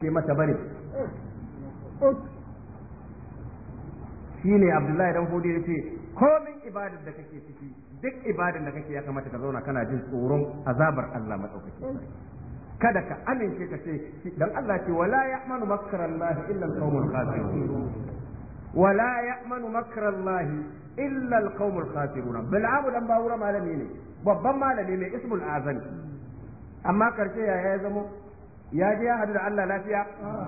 ce mata bane shine abdullahi dan hudu yace komin ibadar da kake ciki duk ibadar da kake ya kamata ka zauna kana jin tsoron azabar Allah madaukaki kada ka amince ka ce dan Allah ce wala ya'manu makra Allah illa al-qaumul khasirun wala ya'manu makra Allah illa al-qaumul khasirun bil'abu dan bawura malami ne babban malami mai ismul azan amma karshe yaya ya zamo ya je ya hadu da Allah lafiya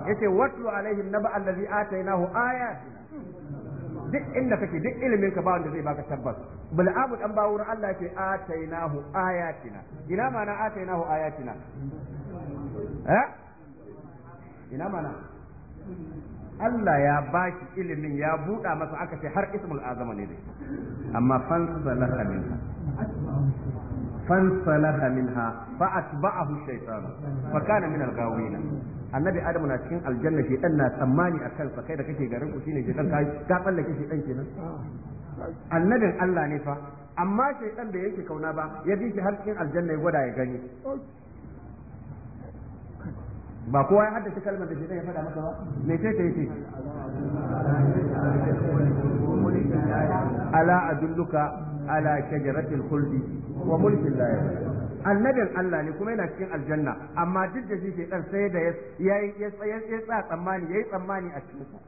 yace watlu alaihim naba allazi atainahu ayatina duk inda kake duk ilimin ka ba wanda zai baka tabbas abu dan bawo na Allah ce atainahu ayatina ina mana atainahu ayatina eh ina mana Allah ya baki ilimin ya buɗa masa aka ce har ismul azama ne dai amma fansa lahamin فانصلح منها فأتبعه الشيطان فكان من الغاوين annabi adamu na cikin aljanna shi dan na tsammani a kansa kai da kake garin ku shine shi dan kai ka tsallake shi dan kenan annabin Allah ne fa amma shi dan da yake kauna ba ya bi shi har cikin aljanna ya gwada ya gani ba kowa ya haddace kalmar da shekai ya faɗa maka ba me ce ta yace ala dulluka ala shajaratil khuldi wa mulkin la annabin Allah ne kuma yana cikin aljanna amma duk da shi ɗan sai da ya ya tsaya tsammani yayi tsammani a cikin sa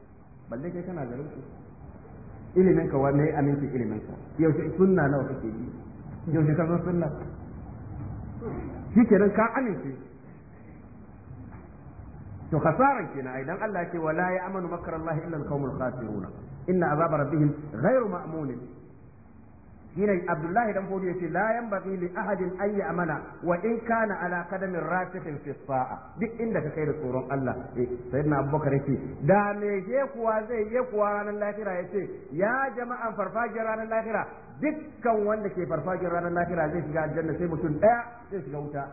balle kai kana garin su ilimin ka wanne aminci ilimin ka yaushe sunna nawa kake yi yaushe ka zo sunna shikenan ka amince to khasaran kenan ai idan Allah ce wala ya amanu makarallahi illa alqaumul khasiruna inna azab rabbihim ghairu ma'mun shine Abdullahi dan Fodi yace la yanbaghi li ahadin an ya'mala wa in kana ala qadamin rasikhin fi sa'a duk inda ka kai da tsoron Allah eh, sayyidina Abubakar yace da me kuwa zai je kuwa ranar lahira yace ya jama'an farfajiyar ranar lahira dukkan wanda ke farfajiyar ranar lahira zai shiga aljanna sai mutum daya zai shiga wuta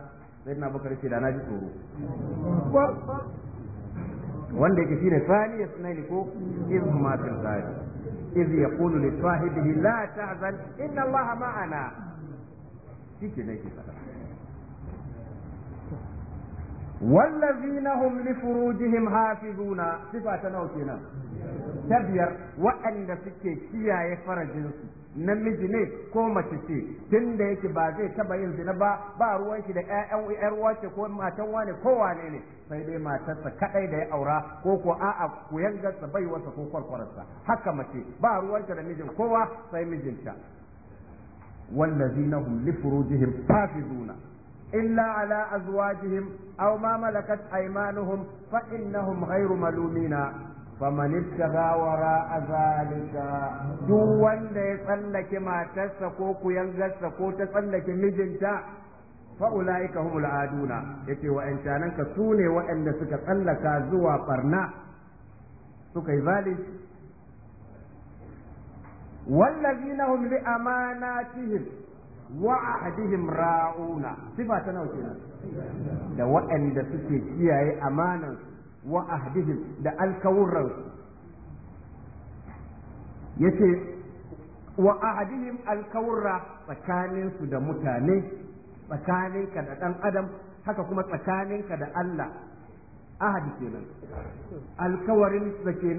sai na bakar ce da na ji tsoro wanda yake shine thani ya sunaini ko iz ma fil ghari iz yaqulu li sahibihi la tahzan inna Allah ma'ana shike ne ke fada والذين هم لفروجهم حافظون صفة نوتنا تبير وأن سكي كيا يفرجنسي namiji ne ko mace ce tun da yake ba zai taba yin zina ba ba ruwan shi da ƴaƴan ƴar wace ko matan wane ko wane ne sai dai matarsa kadai da ya aura ko ko a'a kuyangarsa bai wasa ko kwarkwararsa haka mace ba ruwanta da mijin kowa sai mijinta wallazina hum li furujihim illa ala azwajihim aw ma malakat aymanuhum fa innahum hairu malumina. faman ittaga wara azalika duk wanda ya tsallake matarsa ko kuyangarsa ko ta tsallake mijinta fa ulaika humul aduna yace wa intananka sune waɗanda suka tsallaka zuwa barna suka yi zalunci na hum li amanatihim wa ahdihim ra'una da waɗanda suke kiyaye amanansu wa ahdihim da alkawurransu yace wa ahadihim alkawurra tsakaninsu da mutane tsakaninka da ɗan adam haka kuma tsakaninka da Allah ahadi kenan alkawarin da ke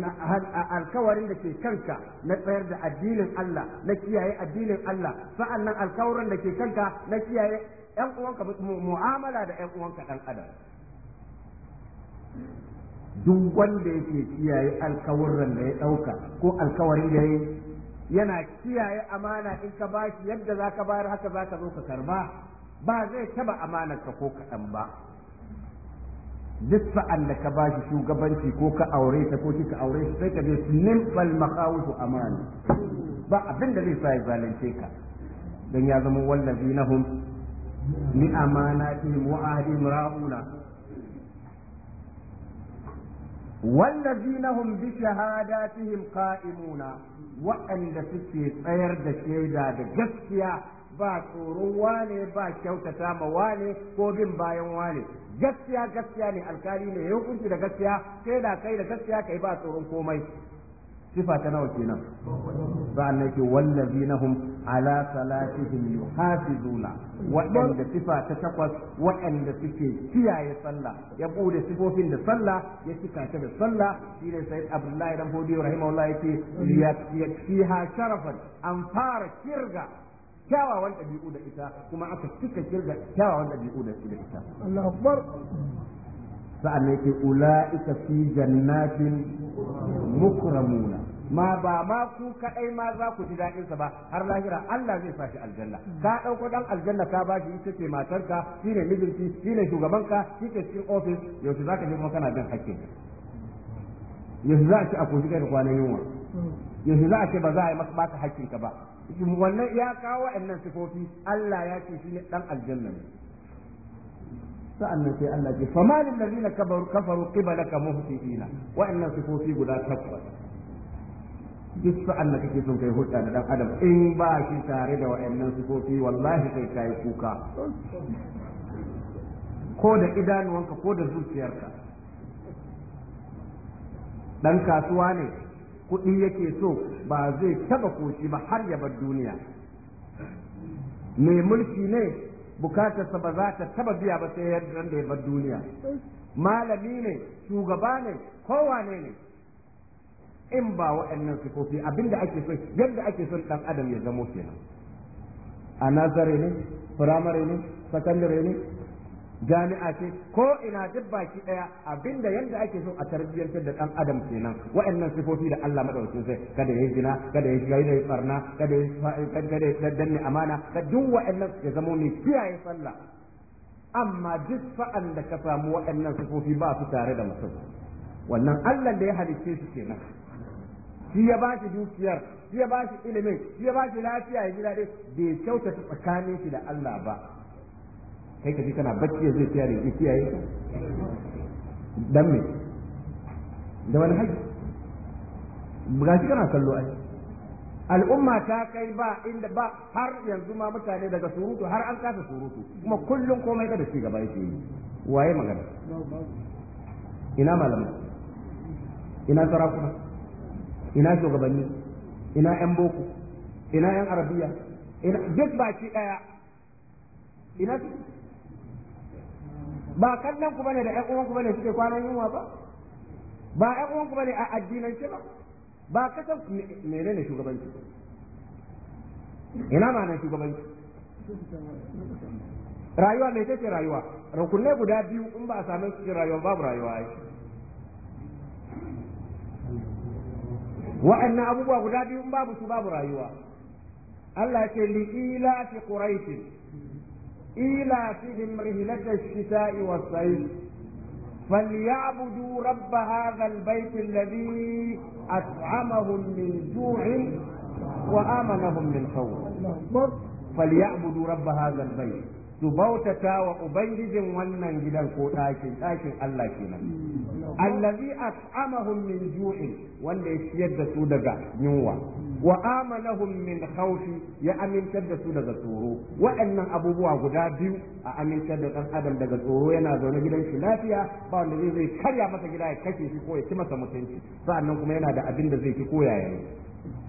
alkawarin da ke kanka na tsayar da addinin Allah na kiyaye addinin Allah sa'annan alkawarin da ke kanka na kiyaye ƴan uwanka mu'amala da ƴan uwanka ɗan adam duk wanda yake kiyaye alkawuran da ya ɗauka ko alkawarin da ya yana kiyaye amana in ka bashi yadda zaka ka bayar haka zaka zo ka karba ba zai taba amanar ka ko kaɗan ba duk sa'an da ka bashi shugabanci ko ka aure ta ko kika aure shi sai ka je bal makawusu amana ba abin da zai sa ya zalunce ka dan ya zama wallazi nahum ni amanatihim wa ahdihim ra'una والذين هم بشهاداتهم قائمون وأن سكي سير دشيدا دجسيا ba tsoron wane ba kyautata ma wane ko bin bayan wane gaskiya gaskiya ne alkali ne ya hukunci da gaskiya sai da kai da gaskiya kai ba tsoron komai sifa ta nawa kenan sa'an nan ke wallazina hum ala salatihim yuhafizuna waɗanda sifa ta takwas waɗanda suke kiyaye sallah ya bude sifofin da sallah ya cika ta da sallah shi ne sayyid abdullahi dan fodiyo rahimahullah yake yakfiha sharafan an fara kirga kyawawan ɗabi'u da ita kuma aka cika kirga kyawawan ɗabi'u da ita Allah akbar sa'an yake ula'ika fi jannatin mukramuna ma ba ma ku kadai ma za ku ji daɗinsa ba har lahira Allah zai fashi shi aljanna ka ɗauko ɗan aljanna ka bashi ita ce matarka shine mijinki shine shugabanka shike cikin office yaushe ka je kuma kana bin hakkin yau za a ci a koshi kai da kwanan yunwa yaushe za a ce ba za a yi maka baka hakkin ka ba wannan ya kawo wa'annan sifofi Allah ya ce shi ne ɗan aljanna ne sa'annan sai Allah ce famalil ladina kabaru kafaru qibalaka wa wa'annan sifofi guda takwas duk sa'an kake son kai hulɗa da dan adam in ba shi tare da wa'annan sifofi wallahi kai kai kuka ko da idanuwanka ko da zuciyarka dan kasuwa ne kuɗi yake so ba zai taba koshi ba har ya bar duniya mai mulki ne bukatarsa ba za ta taba biya ba sai yadda da ya bar duniya malami ne shugaba ne kowane ne in ba waɗannan sifofi abinda ake so yadda ake son ɗan adam ya zamo kenan a nazare ne firamare ne sakandare ne jami'a ce ko ina duk baki daya abinda yanda ake so a tarbiyyantar da dan adam kenan wa'annan sifofi da Allah madaukakin sai kada yayi zina kada yayi gaida yayi barna kada yayi kada yayi danne amana da duk wa'annan ya zama ne kiyaye sallah amma duk fa'an da ka samu wa'annan sifofi ba su tare da mutum wannan Allah da ya halicce shi kenan shi ya ba shi dukiyar shi ya ba shi ilimin shi ya ba shi lafiya ya ji daɗi bai kyautata tsakanin shi da Allah ba kai ka ji kana bacci zai kiyaye ya kiyaye ka dan me da wani haji ga shi kana kallo ai al'umma ta kai ba inda ba har yanzu ma mutane daga surutu har an kasa surutu kuma kullum komai ka da shi gaba yake yi waye magana ina malamai ina sarakuna ina shugabanni ina yan boko ina yan arabiya ina duk baki daya ina ba kallon ku bane da ƴan uwanku bane suke kwanan yunwa ba ba ƴan uwanku bane a addinance ba ba kasan menene shugabanci ina ma nan shugabanci rayuwa mai ce rayuwa rukunne guda biyu in ba a same su cikin rayuwa babu rayuwa ai wa'annan abubuwa guda biyu in babu su babu rayuwa Allah ya ce li ila fi quraish إيلافهم رهلة الشتاء والصيف فليعبدوا رب هذا البيت الذي أطعمهم من جوع وآمنهم من خوف فليعبدوا رب هذا البيت su bautata wa ubangijin wannan gidan ko ɗakin ɗakin Allah kenan allazi at'amahum min ju'in wanda ya ciyar da su daga yunwa wa amanahum min khawfi ya amintar da su daga tsoro waɗannan abubuwa guda biyu a amintar da ɗan adam daga tsoro yana zaune gidan shi lafiya ba wanda zai zai karya masa gida ya kashe shi ko ya ci masa mutunci sa'annan kuma yana da abin da zai ci koya yayi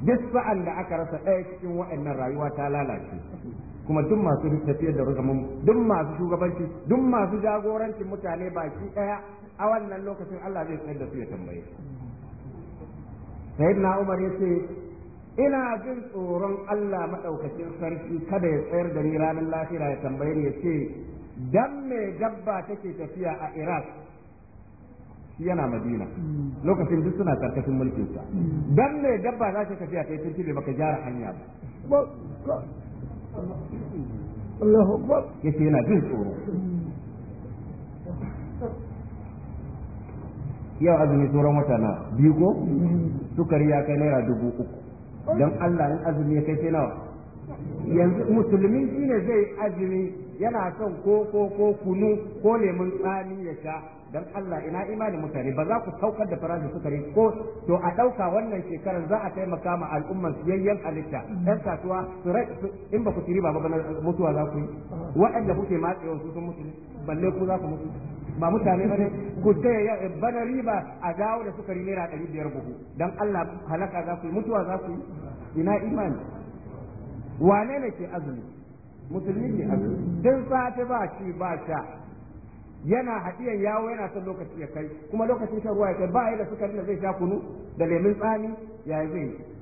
duk sa'an da aka rasa ɗaya cikin waɗannan rayuwa ta lalace kuma duk masu tafiyar da rugamin duk masu shugabanci duk masu jagorancin mutane baki daya a wannan lokacin Allah zai tsayar da su ya tambaye na Umar ce ina jin tsoron Allah madaukakin sarki kada ya tsayar da ni ranar lafiya ya tambaye ni ce dan me dabba take tafiya a Iraq yana Madina lokacin duk suna karkashin mulkin sa hmm. dan me dabba za ta tafiya kai ba ka gyara hanya ba Allah Akbar yace yana jin tsoro yau azumi sauran wata na biyu ko sukari ya kai naira dubu uku don Allah in azumi ya kai sai nawa yanzu musulmi shine zai azumi yana son ko ko ko kunu ko lemun tsami ya sha dan Allah ina imanin mutane ba za ku saukar da farashin sukari ko to a dauka wannan shekarar za a taimaka ma al'umman yayyan halitta dan kasuwa su in ba ku tiri ba ba mutuwa za ku yi waɗanda kuke matsewa su sun mutu balle ku za ku mutu ba mutane bane ku taya bana riba a dawo da sukari naira ɗari biyar buhu dan Allah halaka za ku yi mutuwa za ku yi ina imani wane ne ke azumi musulmi ne a duk safe ba shi ba sha yana hadiyan yawo yana son lokaci ya kai kuma lokacin shan ruwa ya kai ba ya da sukari da zai sha kunu da lemun tsami ya zai